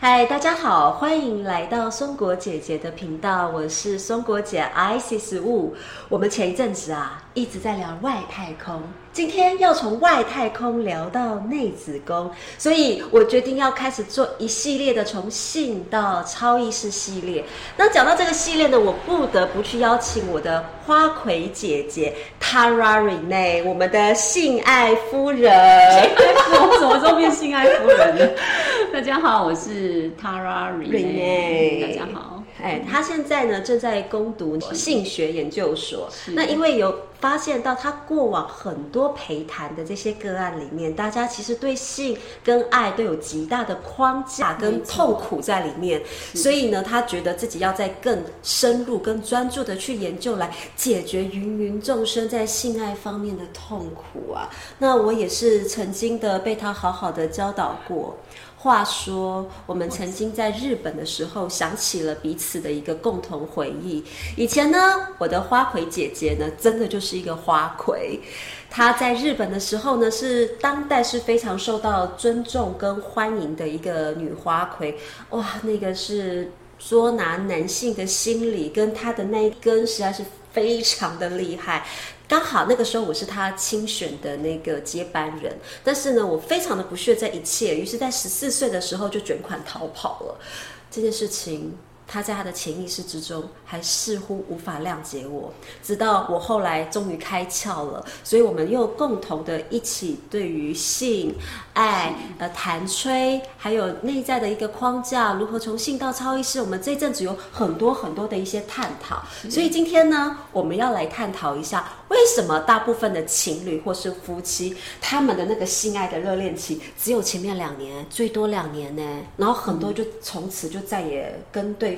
嗨，Hi, 大家好，歡迎來到松果姐姐的頻道，我是松果姐 Isis。15，我們前一陣子啊，一直在聊外太空，今天要從外太空聊到內子宮，所以我決定要開始做一系列的從性到超意識系列。那講到這個系列呢，我不得不去邀請我的花魁姐姐 Tara Renee，我們的性愛夫人。 我什麼時候變性愛夫人呢？ 大家好，我是 Tara Renee，Renee 大家好。哎、欸，她現在呢正在攻讀性學研究所。是那因為有。發現到他過往很多陪談的這些個案裡面，大家其實對性跟愛都有極大的框架跟痛苦在裡面，所以呢，他覺得自己要再更深入、更專注地去研究，來解決芸芸眾生在性愛方面的痛苦啊。那我也是曾經的被他好好的教導過。話說，我們曾經在日本的時候，想起了彼此的一個共同回憶。以前呢，我的花魁姐姐呢，真的就是。是一個花魁，她在日本的時候呢，是當代是非常受到尊重跟歡迎的一個女花魁。哇，那個是捉拿男性的心理跟她的那一根，實在是非常的厲害。剛好那個時候我是她親選的那個接班人，但是呢，我非常的不屑這一切，於是在十四歲的時候就捲款逃跑了。這件事情。他在他的潛意識之中還似乎無法諒解我，直到我後來終於開竅了，所以我們又共同的一起對於性愛、呃譚崔，還有內在的一個框架，如何從性到超意識，我們這陣子有很多很多的一些探討。是所以今天呢，我們要來探討一下，為什麼大部分的情侶或是夫妻，他們的那個性愛的熱戀期只有前面兩年，最多兩年呢，然後很多就從此就再也跟對。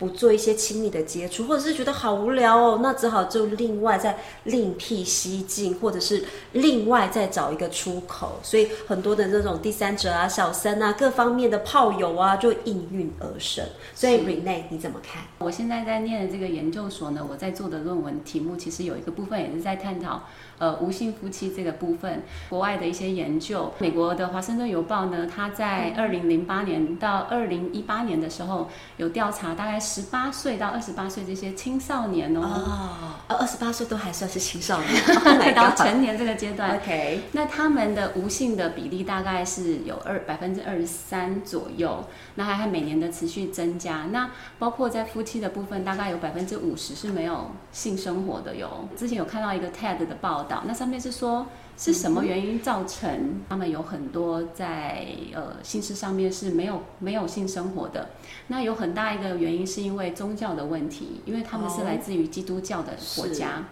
不做一些親密的接觸，或者是覺得好無聊哦，那只好就另外再另闢蹊徑，或者是另外再找一個出口。所以很多的這種第三者啊、小三啊、各方面的炮友啊，就應運而生。是所以 Rene，你怎麼看？我現在在念的這個研究所呢，我在做的論文題目其實有一個部分也是在探討呃，無性夫妻這個部分，國外的一些研究，美國的華盛頓郵報呢，它在二零零八年到二零一八年的時候有調查，大概是。十八歲到二十八歲這些青少年哦、喔，二十八歲都還算是青少年，來、oh、 到成年這個階段。OK，那他們的無性的比例大概是有二百分之二十三左右，那還每年的持續增加。那包括在夫妻的部分，大概有百分之五十是沒有性生活的喲。之前有看到一個 TED 的報道，那上面是說。是什麼原因造成他們有很多在呃性事上面是沒有沒有性生活的？那有很大一個原因是因為宗教的問題，因為他們是來自於基督教的國家，哦、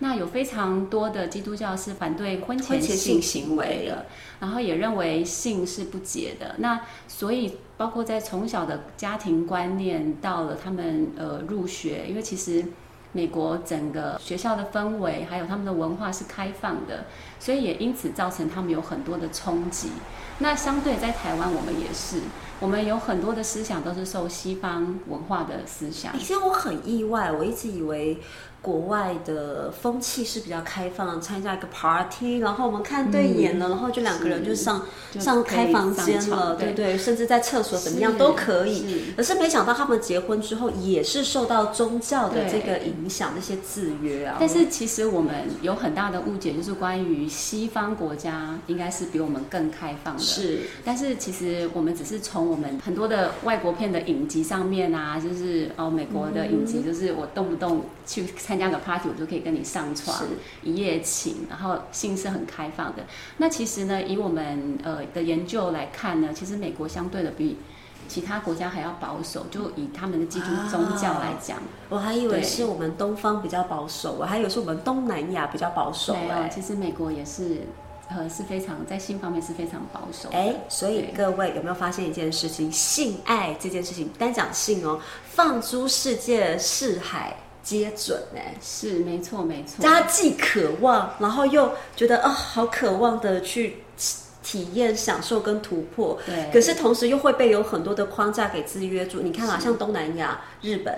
那有非常多的基督教是反對婚前性行為的，然後也認為性是不潔的。那所以包括在從小的家庭觀念，到了他們呃入學，因為其實。美國整個學校的氛圍，還有他們的文化是開放的，所以也因此造成他們有很多的衝擊。那相對在台灣，我們也是，我們有很多的思想都是受西方文化的思想。以前我很意外，我一直以為。國外的風氣是比較開放，參加一個 party，然後我們看對眼了，嗯、然後就兩個人就上是上開房間了，對對,對，甚至在廁所怎麼樣是都可以。可是,是沒想到他們結婚之後也是受到宗教的這個影響，那對些制約啊、哦。但是其實我們有很大的誤解，就是關於西方國家應該是比我們更開放的。是，但是其實我們只是從我們很多的外國片的影集上面啊，就是哦，美國的影集，就是我動不動去參。參加個 party，我就可以跟你上床是一夜情，然後性是很開放的。那其實呢，以我們呃的研究來看呢，其實美國相對的比其他國家還要保守。就以他們的基督宗教來講、啊，我還以為是我們東方比較保守，對我還以為是我們東南亞比較保守。對啊，其實美國也是呃是非常在性方面是非常保守。哎，所以對各位有沒有發現一件事情？性愛這件事情，單講性哦，放諸世界四海。接準哎，是沒錯沒錯。大家既渴望，然後又覺得啊、哦，好渴望的去體驗、享受跟突破，對。可是同時又會被有很多的框架給制約住。是你看啊，像東南亞、日本。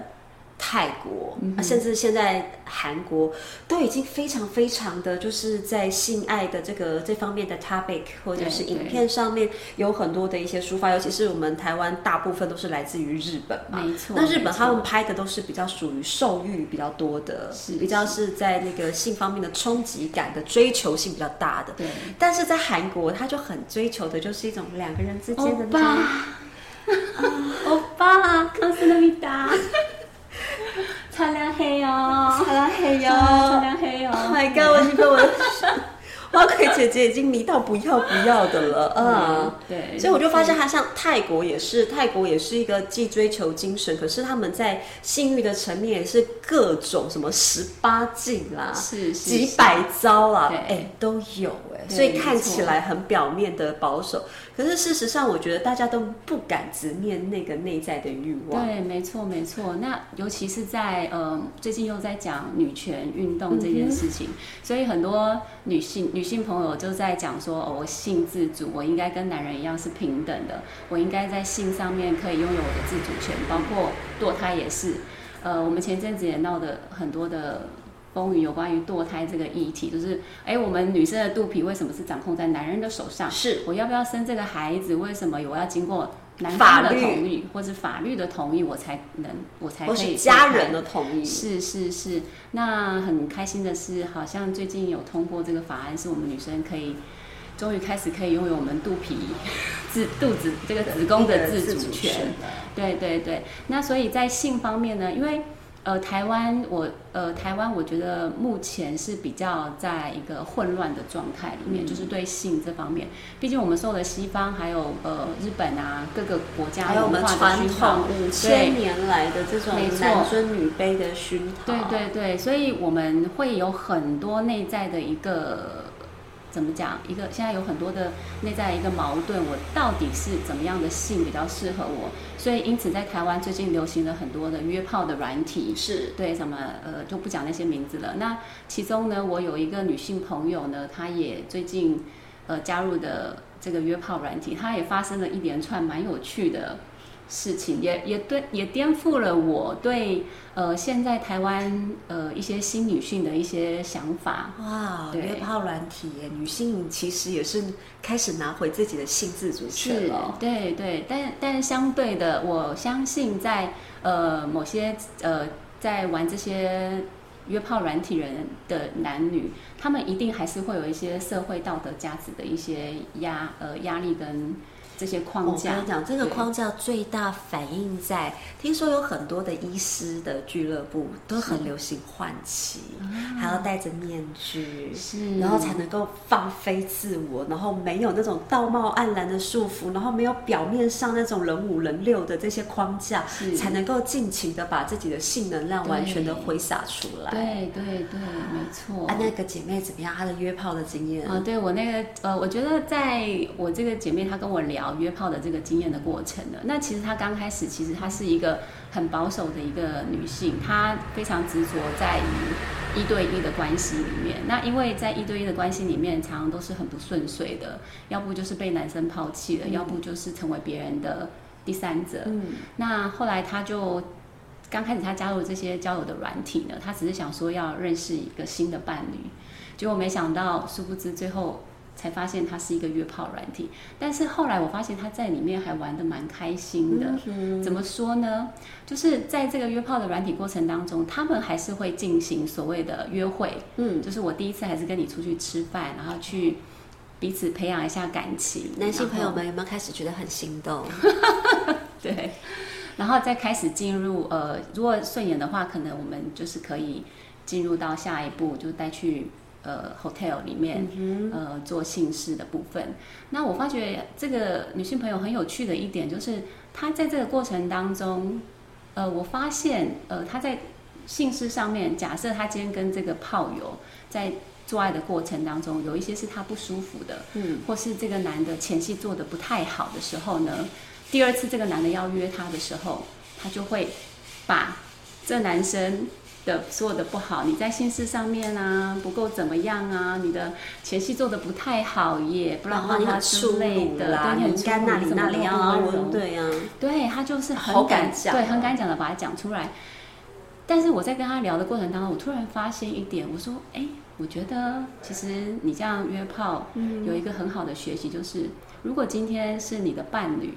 泰國，甚至現在韓國、嗯、都已經非常非常的就是在性愛的這個這方面的 topic 或者是影片上面有很多的一些抒發，對對，尤其是我們台灣大部分都是來自於日本嘛。沒錯。那日本他們拍的都是比較屬於受欲比較多的，是，是比較是在那個性方面的衝擊感的追求性比較大的。對。但是在韓國，他就很追求的就是一種兩個人之間的歐巴，歐、嗯、 巴拉，康斯拉米達。漂亮黑喲，漂亮黑喲，漂亮黑喲！My God，我覺得我的花魁姐姐已經迷到不要不要的了啊！對，所以我就發現，他像泰國也是，泰國也是一個既追求精神，可是他們在性慾的層面也是各種什麼十八禁啦、幾百招啦，哎，都有哎，所以看起來很表面的保守。可是事實上，我覺得大家都不敢直面那個內在的慾望。對，沒錯沒錯。那尤其是在嗯、呃，最近又在講女權運動這件事情，嗯、哼所以很多女性女性朋友就在講說、哦：“我性自主，我應該跟男人一樣是平等的，我應該在性上面可以擁有我的自主權，包括墮胎也是。”呃，我們前陣子也鬧得很多的。關於有關於墮胎這個議題，就是哎、欸，我們女生的肚皮為什麼是掌控在男人的手上？是我要不要生這個孩子？為什麼我要經過男方的同意，法律，或者法律的同意，我才能我才可以？或者家人的同意？是是是。那很開心的是，好像最近有通過這個法案，是我們女生可以終於開始可以擁有我們肚皮自肚子這個子宮的自主權。對，主權對對對。那所以在性方面呢，因為。呃，台灣，我呃，台灣，我覺得目前是比較在一個混亂的狀態裡面，嗯、就是對性這方面，畢竟我們受了西方還有呃日本啊各個國家文化的熏陶，還有我們傳統五千年來的這種男尊女卑的熏陶對，對對對，所以我們會有很多內在的一個。怎麼講？一個現在有很多的內在一個矛盾，我到底是怎麼樣的性比較適合我？所以因此在台灣最近流行了很多的約炮的軟體，是對，什麼，呃，就不講那些名字了。那其中呢，我有一個女性朋友呢，她也最近，呃，加入的這個約炮軟體，她也發生了一連串蠻有趣的。事情也，也對，也顛覆了我對呃現在台灣呃一些新女性的一些想法哇，約對炮軟體女性其實也是開始拿回自己的性自主權了。對對，但但相對的，我相信在呃某些呃在玩這些約炮軟體人的男女，他們一定還是會有一些社會道德價值的一些壓呃壓力跟。這些框架，我跟你講，這個框架最大反映在，對聽說有很多的醫師的俱樂部都很流行換旗，是還要戴着面具，是然後才能夠放飛自我，然後沒有那種道貌岸然的束縛，然後沒有表面上那種人五人六的這些框架，是才能夠盡情的把自己的性能量完全的揮灑出來。對對對，沒錯。啊，那個姐妹怎麼樣？她的約炮的經驗？啊，對我那個呃，我覺得在我這個姐妹，她跟我聊。約炮的這個經驗的過程呢？那其實她剛開始，其實她是一個很保守的一個女性，她非常執着在於一對一的關係裡面。那因為在一對一的關係裡面，常常都是很不順遂的，要不就是被男生拋棄了，嗯嗯。要不就是成為別人的第三者。嗯，那後來她就剛開始她加入這些交友的軟體呢，她只是想說要認識一個新的伴侶，結果沒想到，殊不知最後。才發現它是一個約炮軟體但是後來我發現他在裡面還玩得蠻開心的。嗯、哼怎麼說呢？就是在這個約炮的軟體過程當中，他們還是會進行所謂的約會。嗯，就是我第一次還是跟你出去吃飯，然後去彼此培養一下感情。男性朋友們有沒有開始覺得很心動？ 對，然後再開始進入呃，如果順眼的話，可能我們就是可以進入到下一步，就帶去。呃，hotel 裡面，嗯、哼呃，做性事的部分。那我發覺這個女性朋友很有趣的一點，就是她在這個過程當中，呃，我發現，呃，她在性事上面，假設她今天跟這個炮友在做愛的過程當中，有一些是她不舒服的，嗯，或是這個男的前戲做得不太好的時候呢，第二次這個男的要約她的時候，她就會把這男生。的做的不好，你在性事上面啊不夠怎麼樣啊？你的前戲做的不太好耶，不讓讓他之類的、哦、你很啦，對你幹那裡那裡啊，對啊對他就是很敢講、啊，對，很敢講的把它講出來。但是我在跟他聊的過程當中，我突然發現一點，我說，哎，我覺得其實你這樣約炮，嗯、有一個很好的學習就是，如果今天是你的伴侶，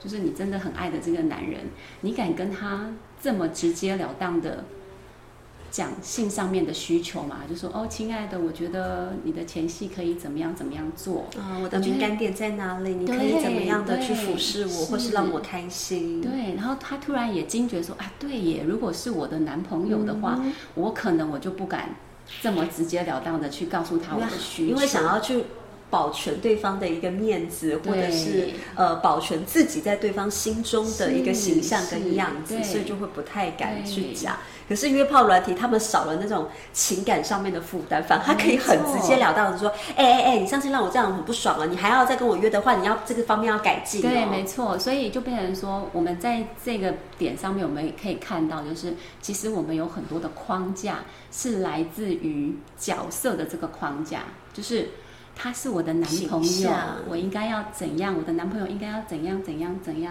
就是你真的很愛的這個男人，你敢跟他這麼直截了當的。講性上面的需求嘛，就說哦，親愛的，我覺得你的前戲可以怎麼樣怎麼樣做啊、哦？我的敏感點在哪裡？嗯、你可以怎麼樣的去服侍我，是或是讓我開心？對。然後他突然也驚覺說啊，對耶，如果是我的男朋友的話，嗯、我可能我就不敢這麼直截了當的去告訴他我的需求，因為想要去，保全對方的一個面子，或者是對呃保全自己在對方心中的一個形象跟樣子，所以就會不太敢去講。可是約炮軟體，他們少了那種情感上面的負擔，反而他可以很直截了當的說：“哎哎哎，你、欸欸、上次讓我這樣很不爽了、啊，你還要再跟我約的話，你要這個方面要改進、哦。”對，沒錯，所以就變成說，我們在這個點上面，我們也可以看到，就是其實我們有很多的框架是來自於角色的這個框架，就是。他是我的男朋友， 我應該要怎樣？我的男朋友應該要怎樣？怎樣？怎樣？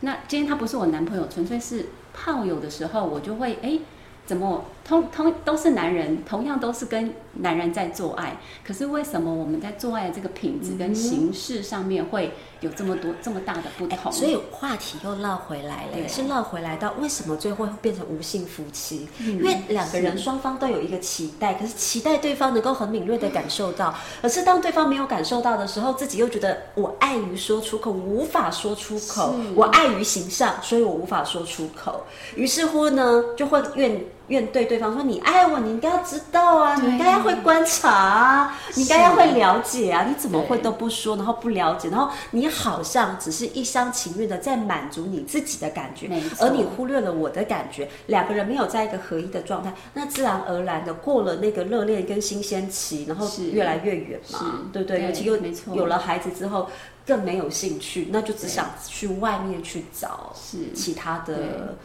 那今天他不是我男朋友，純粹是炮友的時候，我就會哎，怎麼？通通都是男人，同樣都是跟。男人在做愛，可是為什麼我們在做愛的這個品質跟形式上面會有這麼多嗯嗯，這麼大的不同？欸、所以話題又繞回來了，對啊，也是繞回來到為什麼最後會變成無性夫妻？嗯、因為兩個人雙方都有一個期待，是可是期待對方能夠很敏銳的感受到，嗯、可是當對方沒有感受到的時候，自己又覺得我礙於說出口，無法說出口，是我礙於形象，所以我無法說出口。於是乎呢，就會怨。嗯面對對方說：“你愛我，你應該要知道啊，對你應該要會觀察啊，是你應該要會了解啊。你怎麼會都不說，對然後不了解，然後你好像只是一廂情願的在滿足你自己的感覺，錯而你忽略了我的感覺。兩個人沒有在一個合一的狀態，那自然而然的過了那個熱戀跟新鮮期，然後越來越遠嘛，對不對？對，尤其又錯有了孩子之後，更沒有興趣，那就只想去外面去找其他的是。”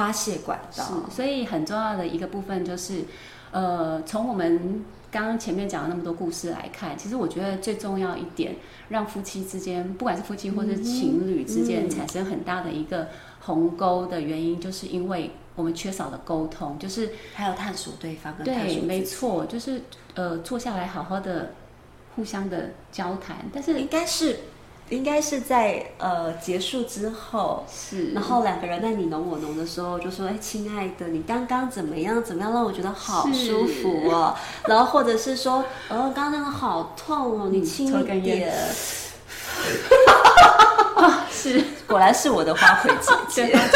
發洩管道，是所以很重要的一個部分就是，呃，從我們剛剛前面講的那麼多故事來看，其實我覺得最重要一點，讓夫妻之間，不管是夫妻或者情侶之間，嗯、產生很大的一個鴻溝的原因，嗯、就是因為我們缺少了溝通，就是還有探索對方跟探索自己，對，沒錯，就是呃，坐下來好好的互相的交談，但是應該是。應該是在呃結束之後，是，然後兩個人在你儂我儂的時候，就說：“是哎，親愛的，你剛剛怎麼樣？怎麼樣讓我覺得好舒服哦？”是然後或者是說：“哦、呃，剛剛那個好痛哦，你、嗯、輕一點。根” 啊，是，果然是我的花卉姐姐。 對啊，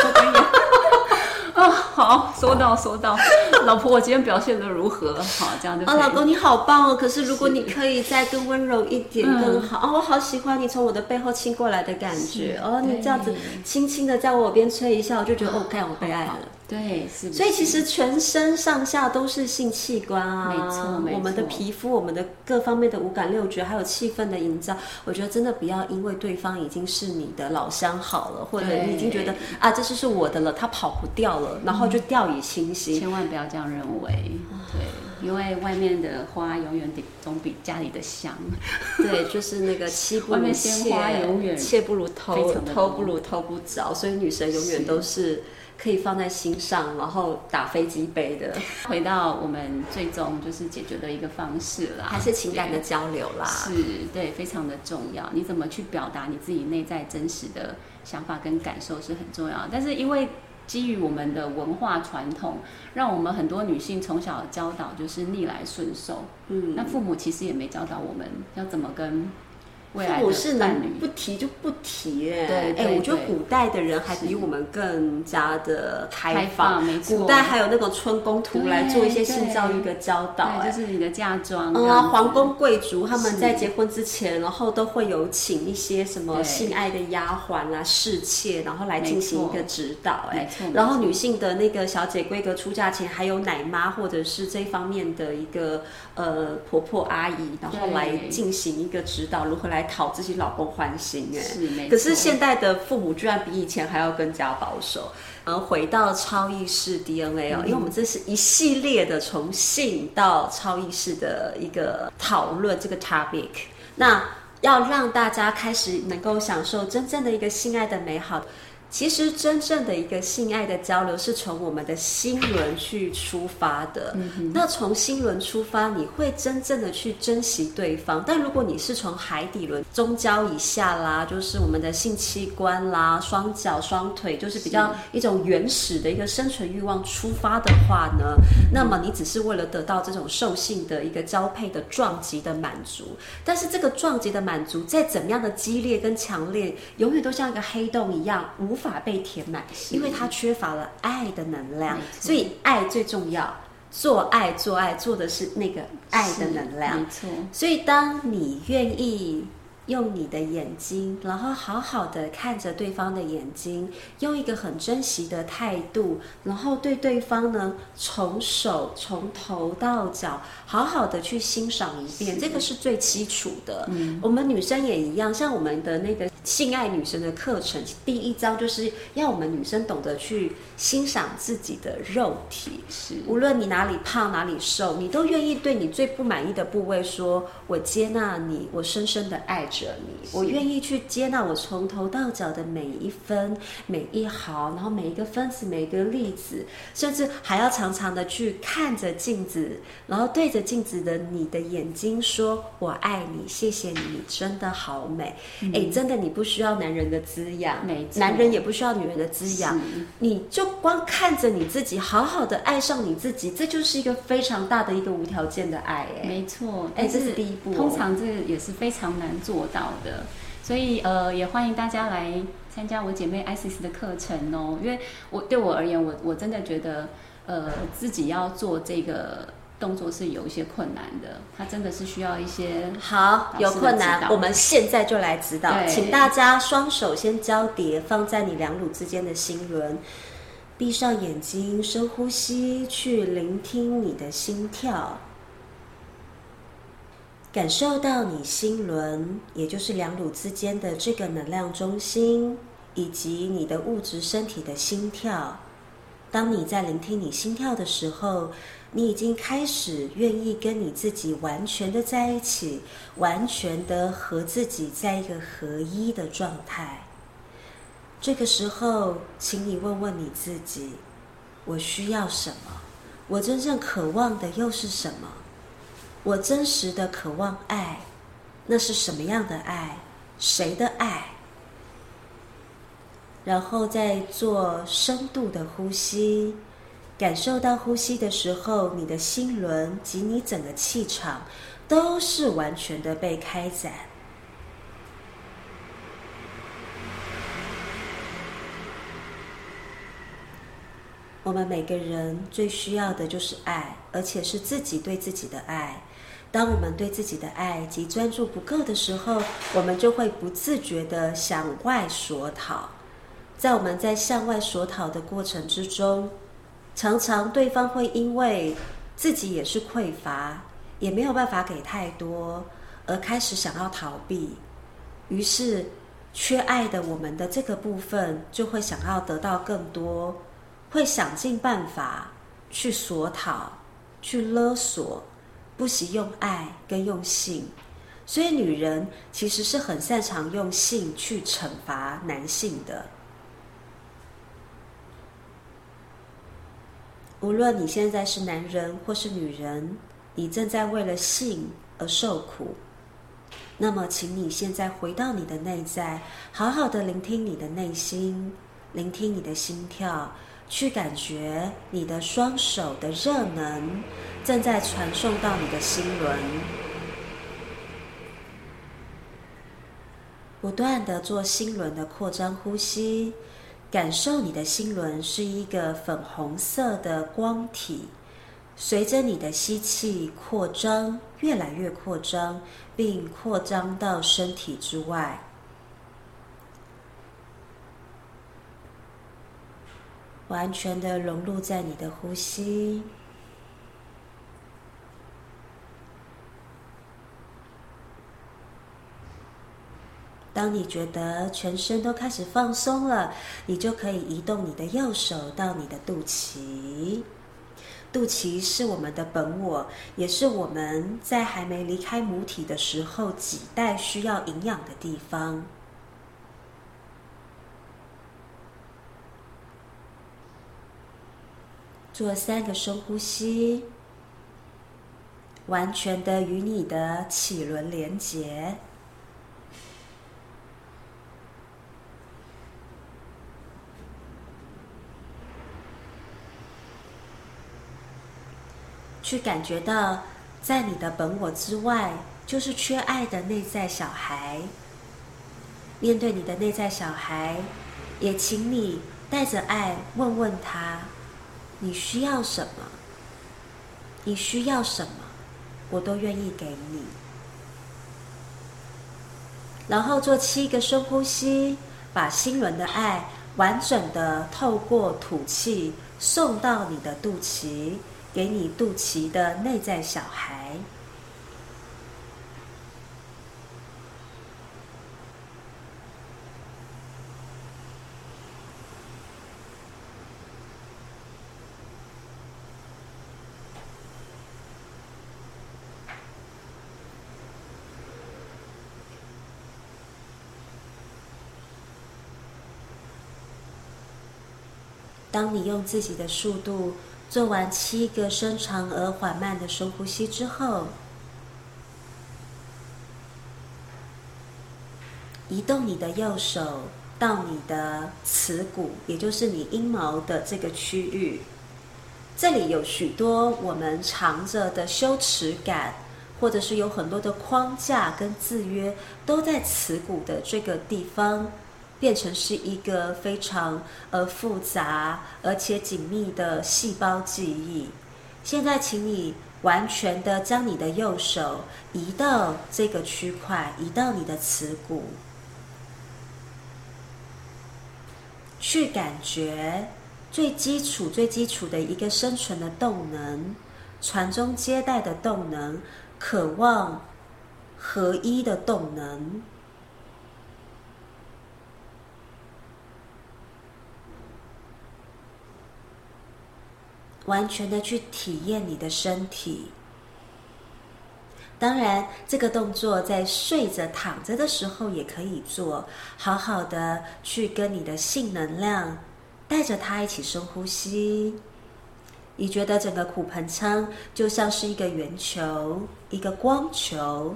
抽 啊，好，收到收到。老婆，我今天表現得如何？好，這樣就。哦，啊，老公你好棒哦！可是如果你可以再更溫柔一點更好啊、嗯哦，我好喜歡你從我的背後親過來的感覺是哦，你這樣子輕輕的在我耳邊吹一下，對我就覺得哦、OK, 好，看我被愛了。好好對，是不是？所以其實全身上下都是性器官啊，沒錯，沒錯，我們的皮膚，我們的各方面的五感六覺，還有氣氛的營造，我覺得真的不要因為對方已經是你的老相好了，或者你已經覺得對啊，這就是我的了，他跑不掉了，嗯、然後就掉以輕心，千萬不要這樣認為。對，因為外面的花永遠比總比家裡的香， 對，就是那個妻不，外面鮮花永遠妾不如偷，非常偷不如偷不着，所以女神永遠都是。是可以放在心上，是然後打飛機杯的， 回到我們最終就是解決的一個方式啦，還是情感的交流啦，是，對，非常的重要。你怎麼去表達你自己內在真實的想法跟感受是很重要，但是因為基於我們的文化傳統，讓我們很多女性從小教導就是逆來順受，嗯，那父母其實也沒教導我們要怎麼跟。父母是男女不提就不提。欸，哎，哎、欸，我覺得古代的人還比我們更加的開放。是開放，古代還有那種春宮圖來做一些性教育的教導、欸，就是你的嫁妝。啊、嗯，皇宮貴族他們在結婚之前，是然後都會有請一些什麼性愛的丫鬟啊、是侍妾，然後來進行一個指導、欸，哎，沒錯。然後女性的那個小姐、規格出嫁前，還有奶媽或者是這方面的一個呃婆婆阿姨，然後來進行一個指導，如何來。討自己老公歡心，哎，是沒錯。可是現在的父母居然比以前還要更加保守。然後回到超意識 DNA 哦，嗯，因為我們這是一系列的從性到超意識的一個討論這個 topic。那要讓大家開始能夠享受真正的一個性愛的美好。其實真正的一個性愛的交流是從我們的心輪去出發的。嗯、哼那從心輪出發，你會真正的去珍惜對方。但如果你是從海底輪、中焦以下啦，就是我們的性器官啦、雙腳、雙腿，就是比較一種原始的一個生存慾望出發的話呢，是那麼你只是為了得到這種獸性的一個交配的撞擊的滿足。但是這個撞擊的滿足，再怎麼樣的激烈跟強烈，永遠都像一個黑洞一樣，無法被填滿，因為他缺乏了愛的能量，所以愛最重要。做愛，做愛，做的是那個愛的能量。沒錯，所以當你願意。用你的眼睛，然後好好的看着對方的眼睛，用一個很珍惜的態度，然後對對方呢，從手從頭到腳好好的去欣賞一遍，是這個是最基礎的。嗯，我們女生也一樣，像我們的那個性愛女生的課程，第一招就是要我們女生懂得去欣賞自己的肉體，是無論你哪裡胖哪裡瘦，你都願意對你最不滿意的部位說：“我接納你，我深深的愛。”是我願意去接納我從頭到腳的每一分每一毫，然後每一個分子每一個粒子，甚至還要常常的去看着鏡子，然後對着鏡子的你的眼睛說：“我愛你，謝謝你，你真的好美。嗯”哎、欸，真的，你不需要男人的滋養，沒錯男人也不需要女人的滋養，是你就光看着你自己，好好的愛上你自己，這就是一個非常大的一個無條件的愛、欸。沒錯，哎，這是第一步。通常這個也是非常難做。到的，所以呃，也歡迎大家來參加我姐妹 Isis 的課程哦。因為我對我而言，我我真的覺得呃，自己要做這個動作是有一些困難的，它真的是需要一些好有困難。我們現在就來指導，對請大家雙手先交疊放在你兩乳之間的心輪，閉上眼睛，深呼吸，去聆聽你的心跳。感受到你心輪，也就是兩乳之間的這個能量中心，以及你的物質身體的心跳。當你在聆聽你心跳的時候，你已經開始願意跟你自己完全的在一起，完全的和自己在一個合一的狀態。這個時候，請你問問你自己：我需要什麼？我真正渴望的又是什麼？我真實的渴望愛，那是什麼樣的愛？誰的愛？然後再做深度的呼吸，感受到呼吸的時候，你的心輪及你整個氣場都是完全的被開展。我們每個人最需要的就是愛，而且是自己對自己的愛。當我們對自己的愛及專注不夠的時候，我們就會不自覺地向外索討。在我們在向外索討的過程之中，常常對方會因為自己也是匱乏，也沒有辦法給太多，而開始想要逃避。於是，缺愛的我們的這個部分就會想要得到更多，會想盡辦法去索討、去勒索。不惜用愛跟用性，所以女人其實是很擅長用性去懲罰男性的。無論你現在是男人或是女人，你正在為了性而受苦，那麼，請你現在回到你的內在，好好的聆聽你的內心，聆聽你的心跳。去感覺你的雙手的熱能正在傳送到你的心輪，不斷的做心輪的擴張呼吸，感受你的心輪是一個粉紅色的光體，隨着你的吸氣擴張，越來越擴張，並擴張到身體之外。完全的融入在你的呼吸。當你覺得全身都開始放鬆了，你就可以移動你的右手到你的肚臍。肚臍是我們的本我，也是我們在還沒離開母體的時候，臍帶需要營養的地方。做三個深呼吸，完全的與你的臍輪連接，去感覺到在你的本我之外，就是缺愛的內在小孩。面對你的內在小孩，也請你帶着愛問問他。你需要什麼？你需要什麼？我都願意給你。然後做七個深呼吸，把心輪的愛完整的透過吐氣送到你的肚臍，給你肚臍的內在小孩。你用自己的速度做完七個深長而緩慢的深呼吸之後，移動你的右手到你的恥骨，也就是你陰毛的這個區域。這裡有許多我們藏着的羞恥感，或者是有很多的框架跟制約，都在恥骨的這個地方。變成是一個非常呃複雜而且緊密的細胞記憶。現在，請你完全的將你的右手移到這個區塊，移到你的恥骨，去感覺最基礎、最基礎的一個生存的動能、傳宗接代的動能、渴望合一的動能。完全的去體驗你的身體。當然，這個動作在睡着、躺着的時候也可以做。好好的去跟你的性能量，帶着它一起深呼吸。你覺得整個骨盆腔就像是一個圓球、一個光球，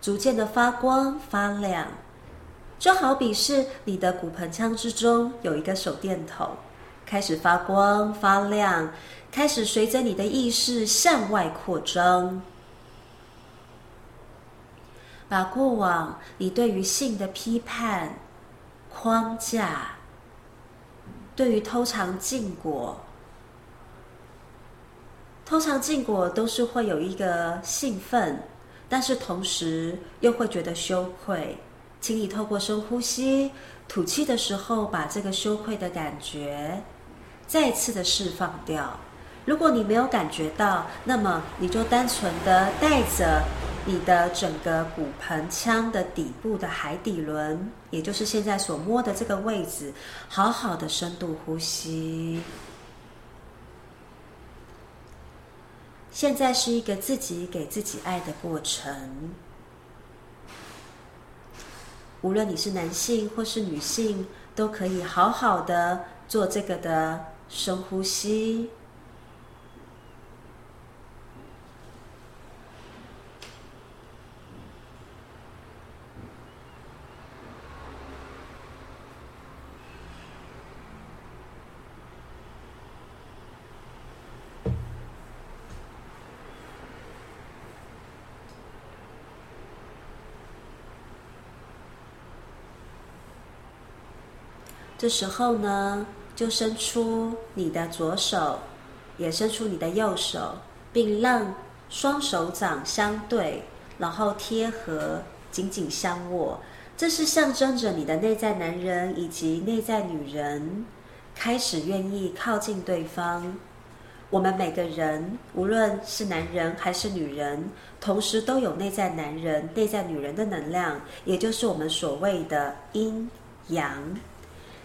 逐漸的發光發亮。就好比是你的骨盆腔之中有一個手電筒，開始發光發亮。開始隨着你的意識向外擴張，把過往你對於性的批判框架，對於偷嘗禁果，偷嘗禁果都是會有一個興奮，但是同時又會覺得羞愧。請你透過深呼吸，吐氣的時候，把這個羞愧的感覺再次的釋放掉。如果你沒有感覺到，那麼你就單純的帶着你的整個骨盆腔的底部的海底輪，也就是現在所摸的這個位置，好好的深度呼吸。現在是一個自己給自己愛的過程。無論你是男性或是女性，都可以好好的做這個的深呼吸。這時候呢，就伸出你的左手，也伸出你的右手，並讓雙手掌相對，然後貼合，緊緊相握。這是象徵着你的內在男人以及內在女人開始願意靠近對方。我們每個人，無論是男人還是女人，同時都有內在男人、內在女人的能量，也就是我們所謂的陰陽。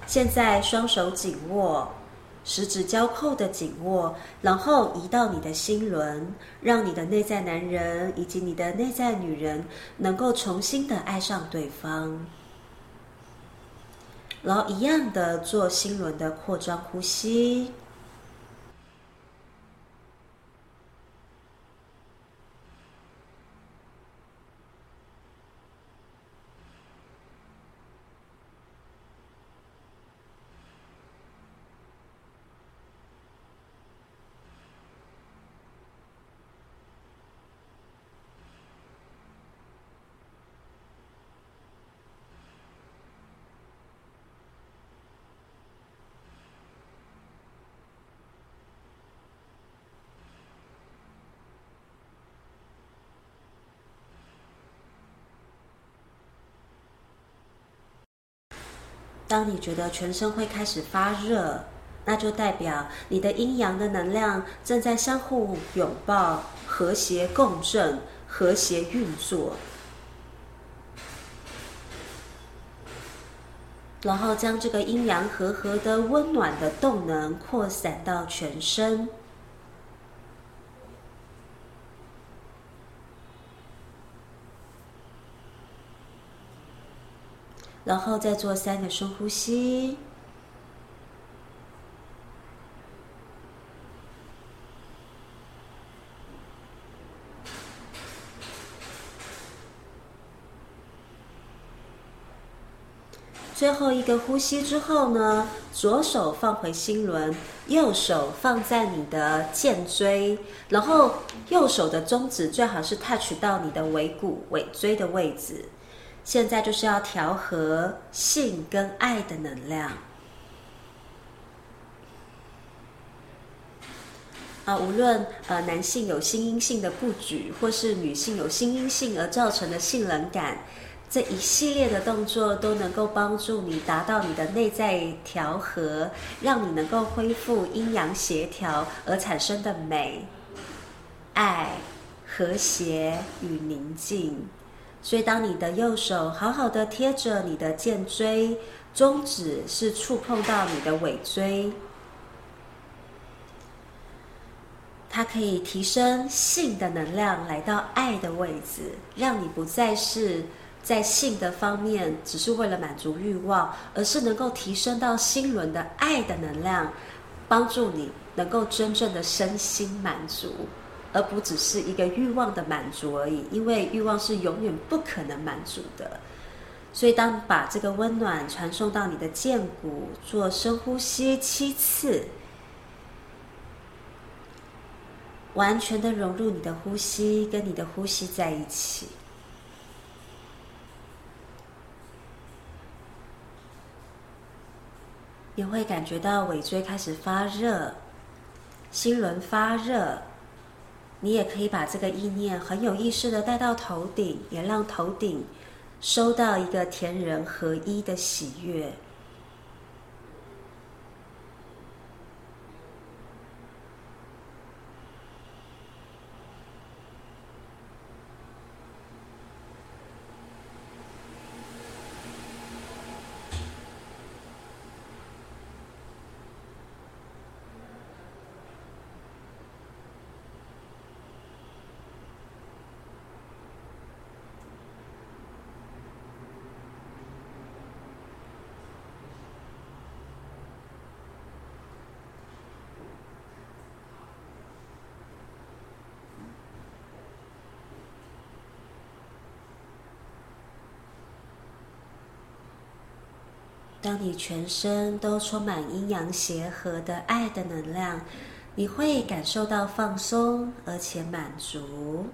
現在雙手緊握，十指交扣的緊握，然後移到你的心輪，讓你的內在男人以及你的內在女人能夠重新的愛上對方。然後一樣的做心輪的擴張呼吸。當你覺得全身會開始發熱，那就代表你的陰陽的能量正在相互擁抱、和諧共振、和諧運作，然後將這個陰陽和合的溫暖的動能擴散到全身。然後再做三個深呼吸，最後一個呼吸之後呢，左手放回心輪，右手放在你的薦椎，然後右手的中指最好是 touch 到你的尾骨尾椎的位置。現在就是要調和性跟愛的能量。啊，無論呃男性有心因性的不舉，或是女性有心因性而造成的性冷感，這一系列的動作都能夠幫助你達到你的內在調和，讓你能夠恢復陰陽協調而產生的美、愛、和諧與寧靜。所以，當你的右手好好的貼着你的薦椎，中指是觸碰到你的尾椎，它可以提升性的能量來到愛的位置，讓你不再是在性的方面只是為了滿足慾望，而是能夠提升到心輪的愛的能量，幫助你能夠真正的身心滿足。而不只是一個慾望的滿足而已，因為慾望是永遠不可能滿足的。所以，當把這個溫暖傳送到你的薦骨，做深呼吸七次，完全的融入你的呼吸，跟你的呼吸在一起，你會感覺到尾椎開始發熱，心輪發熱。你也可以把這個意念很有意識的帶到頭頂，也讓頭頂收到一個天人合一的喜悅。你全身都充滿陰陽協和的愛的能量，你會感受到放鬆而且滿足。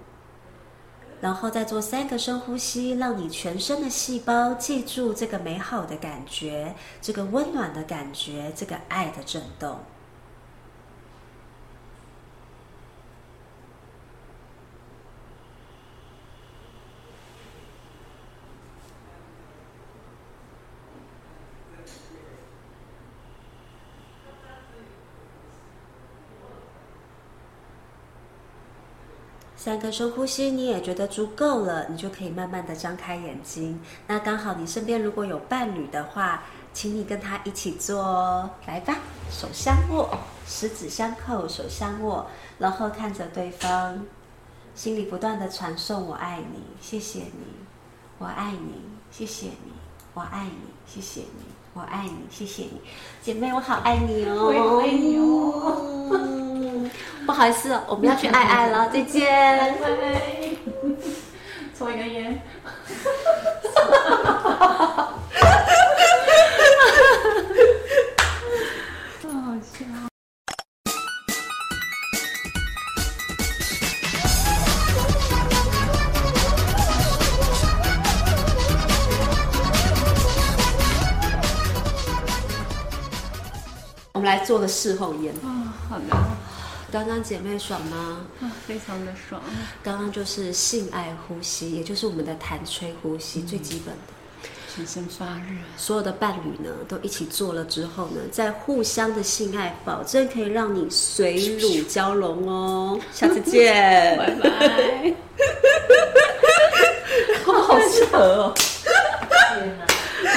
然後再做三個深呼吸，讓你全身的細胞記住這個美好的感覺，這個溫暖的感覺，這個愛的震動。三個深呼吸，你也覺得足夠了，你就可以慢慢地張開眼睛。那剛好你身邊如果有伴侶的話，請你跟他一起做，哦，來吧，手相握，十指相扣，手相握，然後看着對方，心裡不斷地傳送我謝謝“我愛你，謝謝你，我愛你，謝謝你，我愛你，謝謝你，我愛你，謝謝你”，姐妹，我好愛你哦，我好愛你，哦。不好意思、喔、我們要去愛愛了，再見。拜拜。 抽一根個煙。哈，好香！我們來做個事後煙啊，好難。剛剛姐妹爽嗎？啊、非常的爽！剛剛就是性愛呼吸，也就是我們的譚崔呼吸，嗯、最基本的，全身發熱。所有的伴侶呢，都一起做了之後呢，在互相的性愛，保證可以讓你水乳交融哦。 下次見，拜拜 bye。哇， 好適合哦！ 謝謝啊。